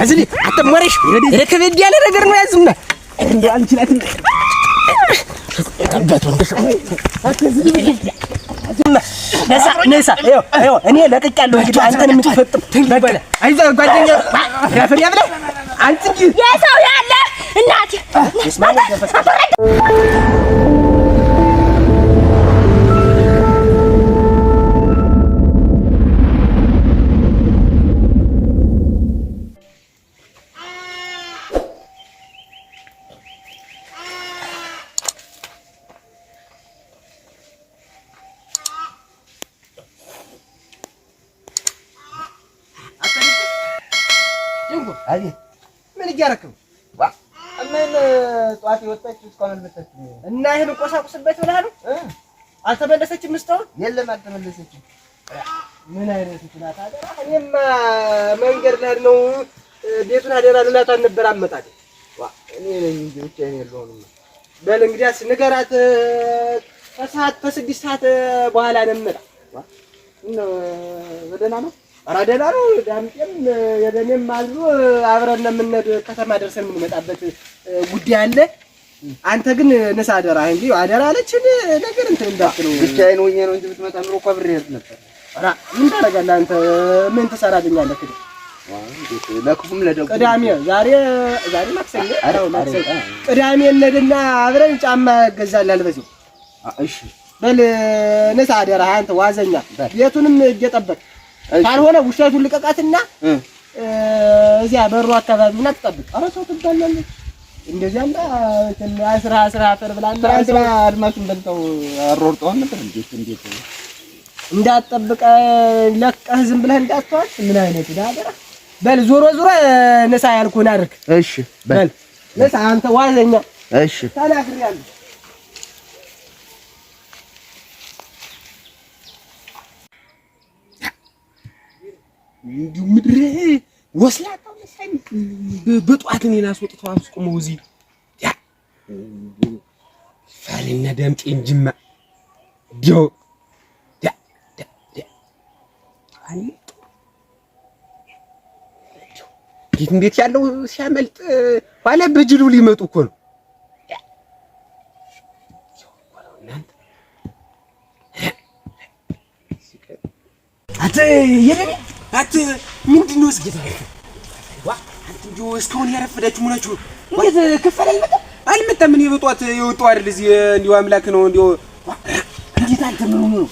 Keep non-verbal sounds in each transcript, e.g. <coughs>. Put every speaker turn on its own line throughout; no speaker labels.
ያዝልኝ አትሞሪሽ ከበድ ያለ ነገር ነው። ያዝና እኔ ለቅቄያለሁ። እንግዲህ አንተን የምትፈጥም ጓደኛ እናቴ ነው። አቤት ምን እያደረክ ነው?
ምን ጧት የወጣች እስካሁን አልመጣችም
እና ይሄን ቆሳቁስበት ብለህ ነው? አልተመለሰችም እስካሁን?
የለም አልተመለሰችም። ምን አይነት ትናት አደራ። እኔማ መንገድ ላይ ነው ቤቱን አደራ ልላታል ነበር አመጣት። እኔ ነኝ እንጂ ብቻዬን የለሁም። በል እንግዲያስ ንገራት ከሰዓት ከስድስት ሰዓት በኋላ ነው የምመጣ። ነው ኧረ ደህና ነው። ዳምጤም የደኔም አሉ አብረን የምንሄድ ከተማ ደርሰን የምንመጣበት ጉዳይ አለ። አንተ ግን ንሳ አደራ እንጂ አደራ አለችን ነገር እንትን እንዳትሉ
ብቻዬን ሆኜ ነው እንጂ ብትመጣ ኑሮ እኮ አብሬ እሄድ ነበር።
አራ ምን ታደርጋለህ አንተ? ምን ትሰራልኛለህ? ክድ
ለክፉም ለደጉ
ቅዳሜ ዛሬ ዛሬ ማክሰኞ ቅዳሜ እንሂድና አብረን ጫማ እገዛልሃል በዚሁ። እሺ በል ንሳ አደራ አንተ ዋዘኛ ቤቱንም እየጠበቅ ካልሆነ ውሻቱን ልቀቃትና እዚያ በሩ አካባቢ እና ትጠብቅ።
ኧረ ሰው ትባላለች።
እንደዚያ እና አስራ አስራ
አፈር ብላ ትናንትና አድማሱን በልተው አሮርጠውን ነበር። እንዴት እንዴት
እንዳትጠብቀ ለቀህ ዝም ብለህ እንዳትተዋት። ምን አይነት ዳገራ። በል ዞሮ ዞሮ ነሳ ያልኩህን አድርግ። እሺ በል ነሳ አንተ ዋዘኛ። እሺ ተናግሬያለሁ።
እንዲሁ ምድር ወስላታው ለሳይ በጧት እኔን አስወጥተው አስቆመው እዚህ ያ ፈሪና ደምጤ እንጂማ ዲዮ ያ ያ ያለው ሲያመልጥ ኋላ በጅሉ ሊመጡ እኮ ነው። አንተ አንተ ምንድን ነው እስኪ እንዲሁ እስካሁን ያረፈዳችሁ ሙላችሁ ነው።
እንዴት ከፈለ አይመጣም
አልመጣም። እኔ በጧት የወጣው አይደል እዚህ እንዲሁ አምላክ ነው እንዲሁ እንዴት አንተ ምን ሆኖ ነው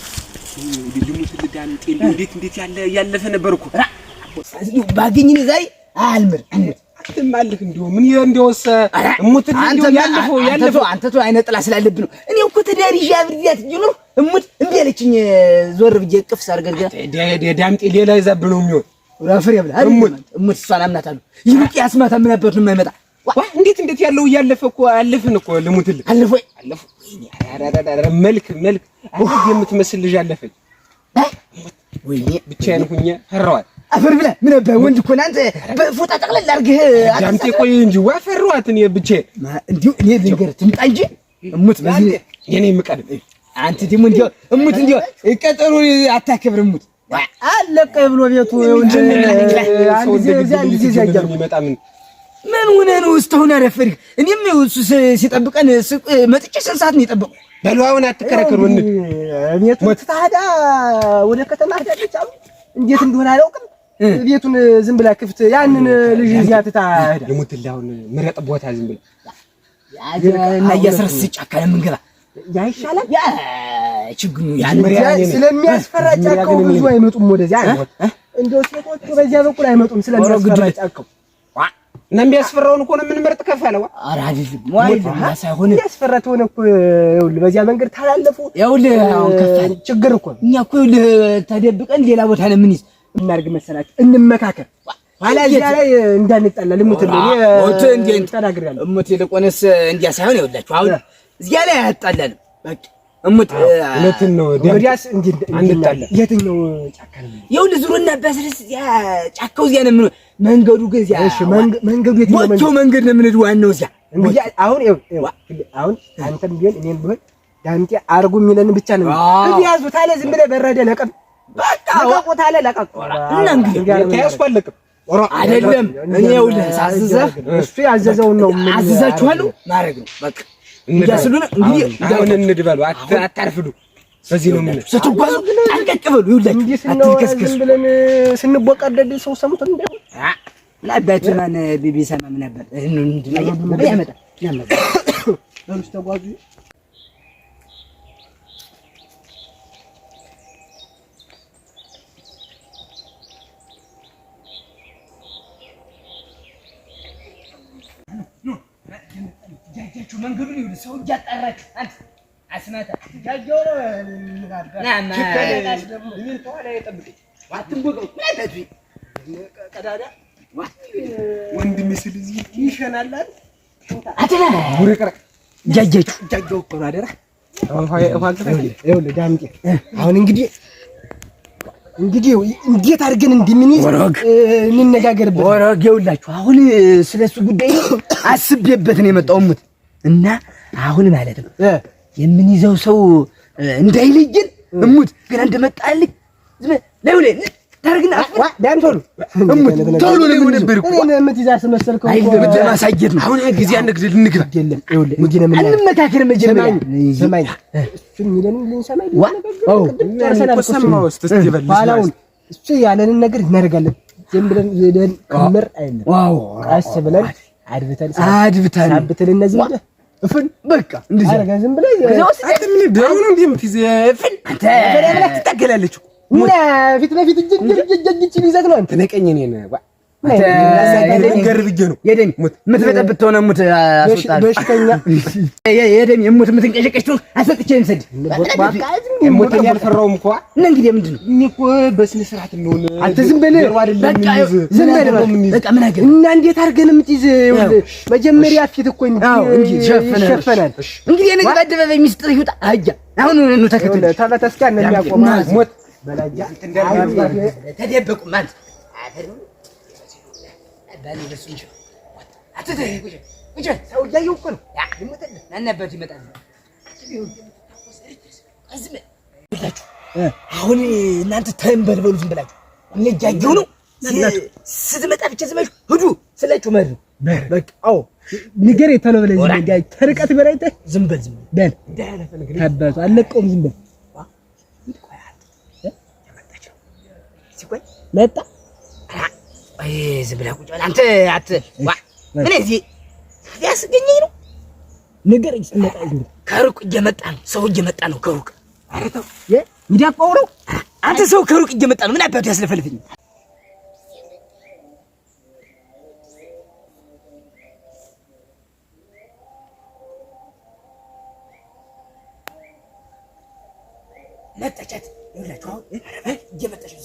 ልሙት ልዳን ጤል እንዴት እንዴት ያለ ያለፈ ነበር እኮ ባገኝ ነው ዛሬ አልምር አትማልክ እንዲሁ ምን እንደውስ እሙት ያለፈው ያለፈው አንተ ተው አይነ ጥላ ስላለብህ ነው። እኔ እኮ ተዳሪ ጃብሪያት ጅሎ እሙት እንዴ አለችኝ። ዞር ብዬ ቅፍ ሳርገርገ ዳምጤ ሌላ ይዛብ ነው የሚሆን ራፍር ይብላ እሙት እሙት እሷን አምናታለሁ። ይብቅ ያስማታ ምን አባቱ የማይመጣ እንዴት እንዴት ያለው እያለፈ እኮ አለፍን እኮ ልሙትልህ አለፈ አለፈ መልክ መልክ አሁን የምትመስል ልጅ አለፈች። ወይኔ ብቻዬን ሁኜ ፈራዋል። አፈር ብለ ምን አባ ወንድ እኮ ናንተ በፎጣ ጠቅለል አድርገህ ዳምጤ ቆይ እንጂ ዋ ፈራኋት። እኔ ብቻዬን እንዲሁ እኔ ልንገርህ ትምጣ እንጂ እሙት በዚህ የኔ የምቀድም አንተ ደግሞ እንዲያው እሙት እንዲያው ቀጠሮ አታከብር። እሙት አለቀ ብሎ ቤቱ ምን ሆነህ ነው እስካሁን ያረፈድክ? እኔም እሱ ሲጠብቀን መጥቼ ስንት ሰዓት ነው የጠበቁ? በሉ አሁን አትከራከሩ። ቤቱ ታዳ ወደ ከተማ ሄዳለች። እንዴት እንደሆነ አላውቅም። ቤቱን ዝም ብላ ክፍት ያንን ልጅ እዚያ ትታ ሄዳ ልሙት። አሁን ምረጥ ቦታ ዝም ብላ አያ ስራ ስጫካ ለምን ገባ ያ ይሻላል። ያ ችግሩ ስለሚያስፈራ ብዙ አይመጡም ወደዚያ እንደው ሴቶቹ በዚያ በኩል አይመጡም ስለሚያስፈራ እና የሚያስፈራውን እኮ ነው የምንመርጥ። ከፍ አለዋ ኧረ አይደለም ሳይሆን የሚያስፈራ ተሆነ እኮ ይኸውልህ፣ በዚያ መንገድ ታላለፉ ይኸውልህ፣ አሁን ከፍ አለ ችግር እኮ እኛ እኮ ይኸውልህ፣ ተደብቀን ሌላ ቦታ ነው የምንይዝ። እናድርግ መሰላችሁ፣ እንመካከል ኋላ እዚያ ላይ እንዳንጣላ ልሙት ነው ተናግሬያለሁ። እሙት ይልቁንስ እንዲያ ሳይሆን ይኸውላችሁ አሁን እዚያ ላይ አያጣለንም። እሙት ነው የትኛው ጫካ ነው? በስርስ ጫካው ነው። መንገዱ ግን እሺ፣ መንገዱ መንገድ ነው? የምንሄድ ዋናው እዚያ አሁን አሁን አንተም ቢሆን እኔም ቢሆን ዳምጤ አርጉ የሚለን ብቻ ነው እንግዲህ ያዙ ታለ ዝም ብለህ በረደ ለቀም በቃ ወጣ አለ እና እንግዲህ ታያስ ፈልቅም አይደለም እኔ ይኸውልህ ሳዝዘህ እሱ ያዘዘውን ነው አዝዛችኋለሁ ማድረግ ነው በቃ እንዳስሉን እንግዲህ አሁን እንድበሉ አታርፍዱ። በዚህ ነው የሚለው ስትጓዙ ጠንቀቅ በሉ። ይኸውላችሁ ስንቦቀደድ ሰው ሰምቶ ለአባቱ ማን ቢቢ ሰማም ነበር። ያመጣ ያመጣ <coughs> ተጓዙ ጃጃችሁ መንገዱን ይሁን ሰው እያጣራችሁ አንተ አስማታ ጃጃው ነው ወንድሜ ስል እዚህ ይሸናል አይደል ጃጃችሁ ጃጃው እኮ ነው አደራ ዳምጤ አሁን እንግዲህ እንግዲህ እንዴት አድርገን እንደምንይዝ እንነጋገርበት። ወረግ ይኸውላችሁ፣ አሁን ስለሱ ጉዳይ አስቤበት ነው የመጣው እና አሁን ማለት ነው የምንይዘው ሰው እንዳይለየን እሙት ገና እንደመጣልኝ ዝም ላይ ዳርግና ያለንን ነገር እናደርጋለን። ዝም ብለን ሄደን ክምር አይደለም። ዋው ቀስ ብለን አድብተን አድብተን አድብተን እነዚህ ወደ እፍን በቃ እንደዚህ አረጋ ዝም ብለን ከዛ ወስደህ ምን ደውሉ እንደምትይዝ እፍን አንተ ትታገላለች ፊት ለፊት እጅ ይዘግለን ነው አንተ ምን መጀመሪያ ፊት እኮ ይሸፈናል እንግዲህ የነገ በአደባባይ ሚስጥር ይውጣ አሁን ሞት ተደበቁም አንተ አሁን እናንተ ተንበልበሉ ዝም ብላችሁ ነው። ስትመጣ ብቻ ዝም ብላችሁ ሂዱ ስላችሁ መሄድ ነው። በቃ አዎ፣ ተርቀት በላይ ዝም በል ዝም በል አለቀውም ዝም በል ቆይ መጣ። አይ ዝም ብለህ ቁጭ በል አንተ። አት ምን እዚህ ያስገኘኝ ነው ንገረኝ። ስመጣ ከሩቅ እየመጣ ነው ሰው እየመጣ ነው ከሩቅ። ኧረ ተው ሚዳፋው ነው አንተ። ሰው ከሩቅ እየመጣ ነው። ምን አባቱ ያስለፈልፍኝ? መጣቻት ይላችሁ እየመጣች ነው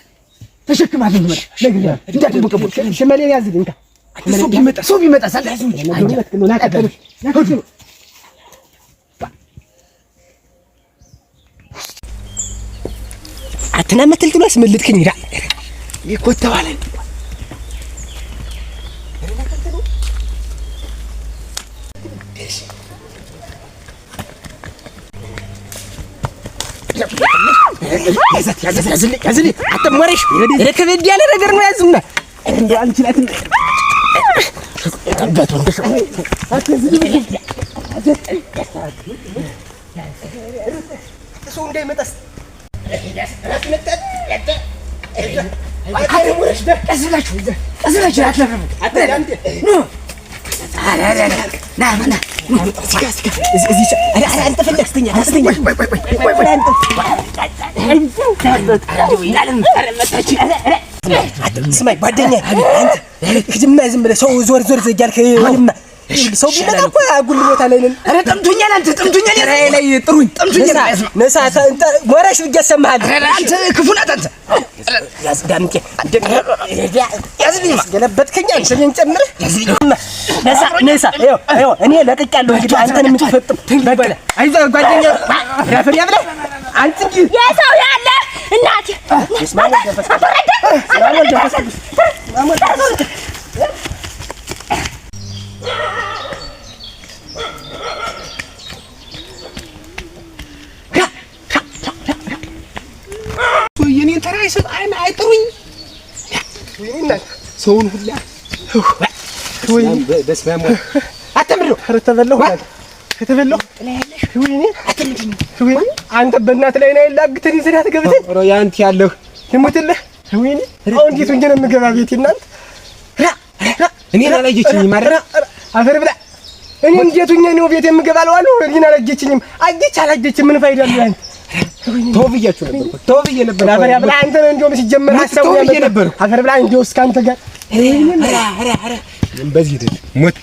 ተሸክም አትመጣ ለግያ እንዳትበቀቡ ሽመሌ ያዝልኝ እንካ ሰው ቢመጣ ሰው ቢመጣ ሳላዝ ነው አትናመ ትልትሎ አስመልጥክኝ ይዳ ይኮተዋለኝ Yeah. ያዝልኝ። አንተም ያለ ነገር ነው። ያዝና እንደው ጓደኛዬ ዝም ብለህ ሰው ዞር ዞር እያልክ ሰው ቢመጣ እኮ አጉል ቦታ ላይ ነን። ኧረ ጥምዱኛል፣ አንተ ጥምዱኛል፣ ራይ ላይ ጥሩኝ፣ ጥምዱኛል። ነሳ ወራሽ ብዬ አንተ ክፉ ናት አንተ። ያዝዳምከ ያዝልኝ፣ ጨምረህ ነሳ ነሳ። ይኸው እንግዲህ አንተን የምትፈጥም በቃ አይዞህ ጓደኛ ያፈር ያብለ አንቺ የሰው ያለ እናት ሰውን ሁላ በስማም አተምዶ ኧረ ተበላሁ የተበላሁ አንተ በእናት ላይ ነው ያላግተን ይዘዳት ገብተን ሮ ያንቲ ያለው ይሙትልህ ወይኔ አሁን እንዴት ወንጀል ነው ቤት እናንተ ራ ራ እኔ አላየችኝም አይደል አፈር ብላ እኔ እንዴት ሆኜ ነው ቤት የምገባ እለዋለሁ እኔን አላየችኝም አየች አላየችም ምን ፋይዳ አለው ያንተ ተው ብያችሁ ነበር ተው ብዬ ነበር አፈር ብላ አንተ ነው እንደውም ሲጀመር ሀሳቡ ነበር አፈር ብላ እንደው እስከ አንተ ጋር በዚህ ሞት